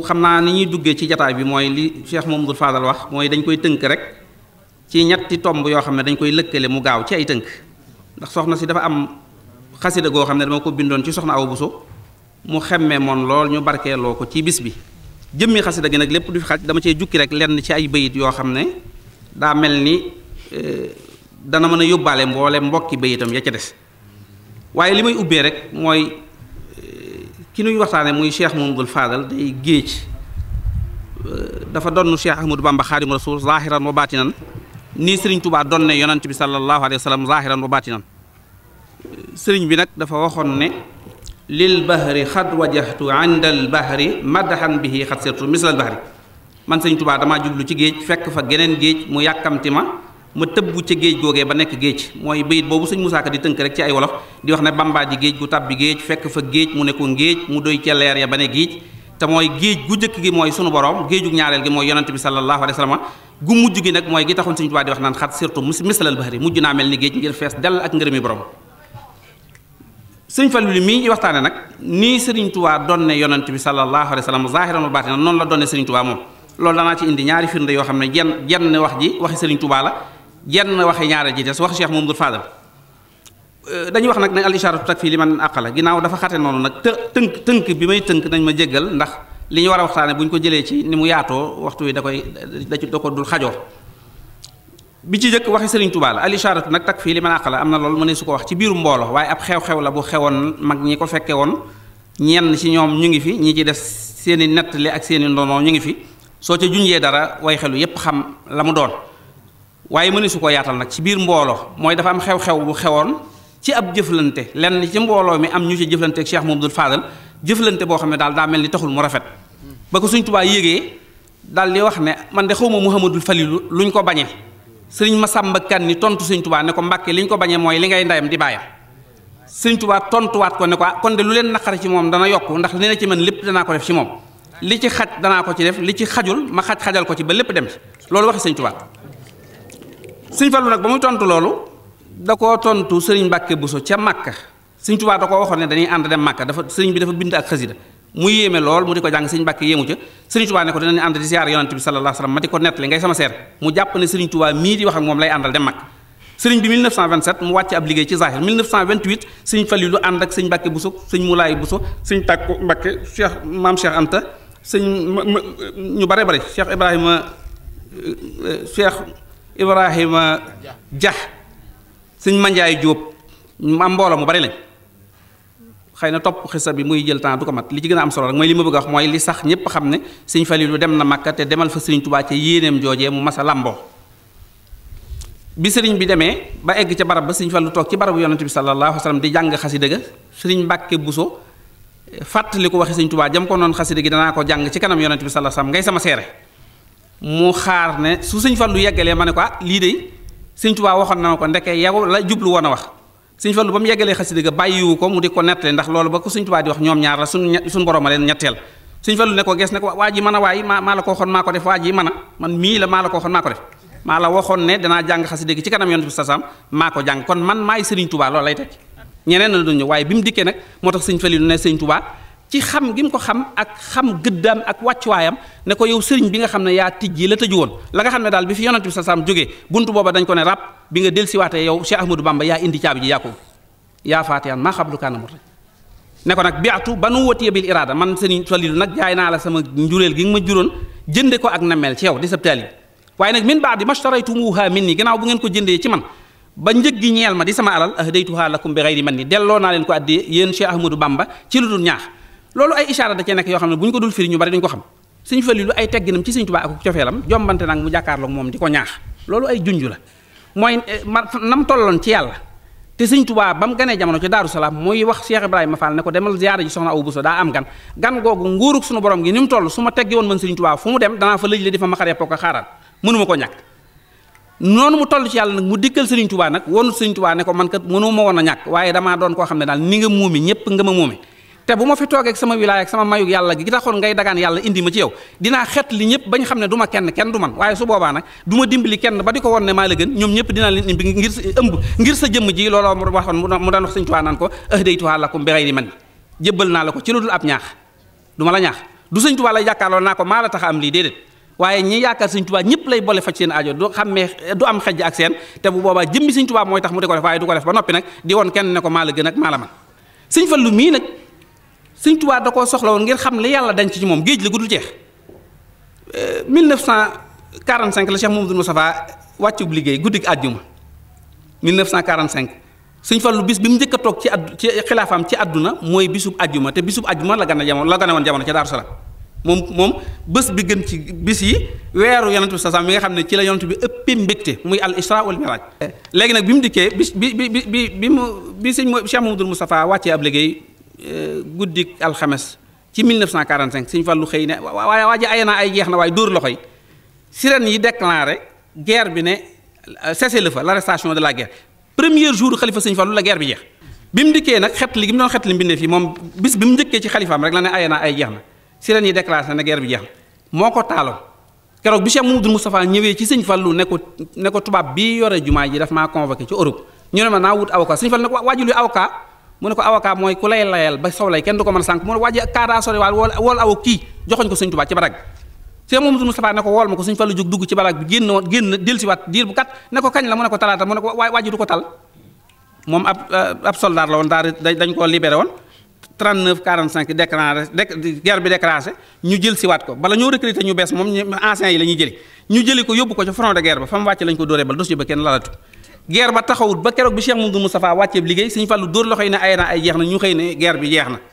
loolu xam naa ni ñuy duggee ci jataay bi mooy li Cheikh Mamadou Fadal wax mooy dañ koy tënk rek ci ñetti tomb yoo xam ne dañ koy lëkkale mu gaaw ci ay tënk ndax soxna si dafa am xasida goo xam ne dama ko bindoon ci soxna Awa Bousso mu xemmee moon lool ñu barkeeloo ko ci bis bi jëmmi xasida gi nag lépp du fi xaj dama cee jukki rek lenn ci ay bayit yoo xam ne daa mel ni eh, dana mën a yóbbaale mboole mbokki bayitam ya ca des waaye li may ubbee rek mooy ki nuy waxtane muy cheikh mamadou Fadal day géej dafa donu cheikh Ahmadou Bamba khadim rasoul zahiran wa batinan ni serigne Touba donne ne yonent bi sallallahu alayhi wasallam zahiran wa batinan serigne bi nak dafa waxone ne lil bahri khad wajhtu inda al bahri madhan bihi xad misl al bahri man serigne Touba dama jublu ci géej fek fa geneen géej mu yakamtima ma tëb bu ci géej googee ba nekk géej mooy bayit boobu sëñ Musaa Ka di tënk rek ci ay wolof di wax ne bambaa ji géej gu tàbbi géej fekk fa géej mu ne ko géej mu doy ca leer ya ba ne géej te mooy géej gu jëkk gi mooy sunu borom géejug ñaareel gi mooy yonante bi sallallahu alayhi wa sallam gu mujj gi nag mooy gi taxul sëñ Tuubaa di wax naan xat surtout misalal bahri mujj naa mel ni géej ngir fees dell ak ngërëmi borom sëñ Fallu li mii waxtaane nag nii sëriñ Tuubaa donne yonante bi sallallahu alayhi wa sallam zaahiran wa baatinan noonu la donne sëriñ Tuubaa moom loolu danaa ci indi ñaari firnde yoo xam ne jenn jenn wax ji waxi sëriñ Tuubaa la jenn waxe ñaare ji des wax Cheikh Mamadou Fadal euh, dañu wax nag ne fii li takfi liman la ginnaaw dafa xate noonu nag të tënk tënk bi may tënk nañ ma jéggal ndax li ñu war a waxtaane bu ñu ko jëlee ci ni mu yaatoo waxtu wi da koy da ko dul xajoo bi ci jëkk waxi Serigne Touba la al isharatu nag takfi liman aqala am na loolu mu ne su ko wax ci biiru mbooloo waaye ab xew-xew la bu xewoon mag ñi ko fekke woon ñenn ci ñoom ñu ngi fi ñi ci des seeni nettali ak seeni ndono ñu ngi fi soo ca junjee dara way xelu yépp xam la mu doon waaye mëni ko yaatal nag ci biir mbooloo mooy dafa am xew-xew bu xewoon ci ab jëflante lenn ci mbooloo mi am ñu ci jëflante ak Cheikh Mamadou Fadal jëflante boo xam ne daal daa mel ni taxul mu rafet ba ko Sëriñ Tuubaa yégee daal di wax ne man de xawma Muhammadul Falilu luñ ko bañe Sëriñ Masàmba Kan ni tontu Sëriñ Tuubaa ne ko Mbàkke liñ ko bañe mooy li ngay ndayam di bàyyam Sëriñ Tuubaa tontuwaat ko ne ko kon de lu leen naqare ci moom dana yokk ndax li ne ci man lépp danaa ko def ci moom li ci xaj danaa ko ci def li ci xajul ma xaj xajal ko ci ba lépp dem ci loolu waxe Sëriñ Tuubaa sëñ Fallu nag ba muy tontu loolu da koo tontu sëriñ Mbàkke Buso ca Màkka sëñ Tuubaa da koo waxoon ne dañuy ànd dem Màkka dafa sëriñ bi dafa bind ak xasida mu yéeme lool mu di ko jàng sëñ Mbàkke yéemu ca sëriñ Tuubaa ne ko dinañ ànd di siyaar yonante bi sallallahu alayhi wasallam ma di ko nettali sëriñ bi mu wàcc ab liggéey ci zahir 1928 sëñ Fallilu ànd ak sëñ Mbàkke Buso sëñ Mulaay Buso sëñ Tàkku Mbàkke Cheikh Maam Cheikh Anta sëñ ñu bare bare Cheikh Ibrahima euh, euh, Cheikh Ibrahima Dia sëñ Mandiaye jóob ma mbooloo mu bari lañ xëy na topp xisa bi muy jël temps du ko mat li ci gën a am solo rek mooy li ma bëgg a wax mooy li sax ñëpp xam ne sëñ Falilu dem na Màkka te demal fa sëriñ Tubaa ca yéeneem joojee mu masa làmboo bi sëriñ bi demee ba egg ca barab ba sëñ Falilu toog ci barabu yonent bi sallallahu alayhi wa sallam di jàng xasida ga sëriñ Mbàkke Buso eh, fàttali ko waxi sëñ Tubaa jam ko noonu xasida gi danaa ko jàng ci kanam yonent bi sallallahu alayhi sama seere mu xaar ne su sëñ fallu yeggalee ma ne ko ah lii de sëñ tubaa waxoon na ma ko ndeke yaw la jublu woon a wax sëñ fallu ba mu yeggalee xasida ga bàyyiwu ko mu di ko nettale ndax loolu ba ko sëñ tubaa di wax ñoom ñaar la suñ suñ ko gees ne ko waa ji a waay maa maa la ko waxoon maa def waa ji mën a man maa la waxoon maa ko def maa la waxoon ci kanam yonent bi sasam maa ko jàng kon man maay sëriñ tubaa loolu lay tekki ñeneen na duñu waaye bi mu dikkee nag moo tax sëñ fallu ne sëñ tubaa ci xam gi mu ko xam ak xam gëddaam ak wàccuwaayam ne ko yow sëriñ bi nga xam ne yaa tijji la tëju woon la nga xam ne daal bi fi yonent bi sa saam jógee buntu booba dañ ko ne ràpp bi nga dellusiwaatee yow Cheikh Ahmadou Bamba yaa indi caabi ji yaa ko yaa faatiyaan maa xablu kaana mur ne ko nag biatu ba nu watiya bil iraada man sëriñ Faliilu nag jaay naa la sama njuréel gi nga ma juróon jënde ko ak namel ci yow di sab taalib waaye nag min baadi mastaraytumuha minni gannaaw bu ngeen ko jëndee ci man ba njëg gi ñeel ma di sama alal ahdaytuha lakum bi xayri man ni delloo naa leen ko addi yéen Cheikh Ahmadou Bamba ci lu dul ñaax loolu ay ishara da ci nek yo xamne buñ ko dul firi ñu bari dañ ko xam fali lu ay tegginam ci sëñ tuba ak jombante nak mu jakarlo moom di ko ñaax loolu ay junju la tol eh, nam tollon ci yalla te sëñ tuba ba gané jamono ci daru salam moy wax Cheikh Ibrahima Fall ne ko demal ziyara ji soxna abou da am gan gan gogu nguruk suñu borom gi nim toll suma teggi won man sëñ tuba fu mu dem dana fa lëj le difa makare poko pokk xaaral mënuma ko ñak nonu mu toll ci yalla nak mu dikkel sëriñ tuba nak wonut sëriñ tuba ne ko man kat mënuma woon a ñàkk waaye doon ko xam dal ni nga ñepp nga ma te bu ma fi toogee ak sama wilaay ak sama mayug yàlla gi taxoon ngay dagaan yàlla indi ma ci yow dinaa xet li ñëpp bañ xam ne du ma kenn kenn du man waaye su boobaa nag du ma dimbali kenn ba di ko won ne maa la gën ñoom ñëpp dinaa leen naa ko ma la a lii déedéet waaye ñi yaakaar lay boole faj seen aajo du xammee du am xejj ak seen te bu boobaa jëmmi sëñ Tuubaa mooy tax mu di ko def waaye du ko def ne ko maa la gën ak maa la mii nag sëñ Tuubaa da koo soxla woon ngir xam li yàlla dañ ci moom géej la gudul jeex 1945 euh, la Cheikh Mamadou Moustapha wàccub liggéey guddig àjjuma 1945 sëñ Fallu bis bi mu njëkk toog ci addu ci xilaafaam ci àdduna mooy bisub àjjuma te bisub àjjuma la gën a jamono la gën woon jamono ca Daaru Salaam moom moom bés bi gën ci bis yi weeru yonent bi sasam mi nga xam ne ci la bi ëppee mbégte muy al isra wal miraaj léegi mu dikkee bis bi bi bi bi mu bi sëñ Cheikh Mamadou Moustapha wàccee ab liggéey guddik alxames ci 1945 Sëñ Fallu xëy waaye waa ay na ay jeex na waaye dóor sirène yi déclaré guerre bi ne cessez-le-feu de la guerre premier jour xalifa Sëñ Fallu la guerre bi jeex bi mu dikkee nag xetli gi mu doon xetli mbindee fii moom bis bi mu njëkkee ci xalifaam rek la ne ay na ay jeex na sirène yi déclaré na guerre bi jeex moo ko taaloon keroog bi Cheikh Moustapha ñëwee ci Fallu ne ko ne ko tubaab yore jumaa ji daf maa convoqué ci Europe ñu ne ma naa wut avocat Fallu avocat mu ne ko avocat mooy ku lay layal ba sow lay kenn du ko mën a sànk ma ne ko kañ la mu ne ko talaata mu ne ko waa ko tal moom ab eh, la woon daal dañ koo libéré woon 39 45 déclaré guerre bi yi la jëli ñu jëli ko yóbbu ko ca front de guerre ba fa mu wàcc lañ ko dóoree bal dos ba kenn lalatu geer ba taxawut ba keroog bi Cheikh Mamadou Moustapha wàcceeb liggéey Sëñ Fallu dóor loxoy ne na ay jeex na ñu xëy ne geer bi yeex na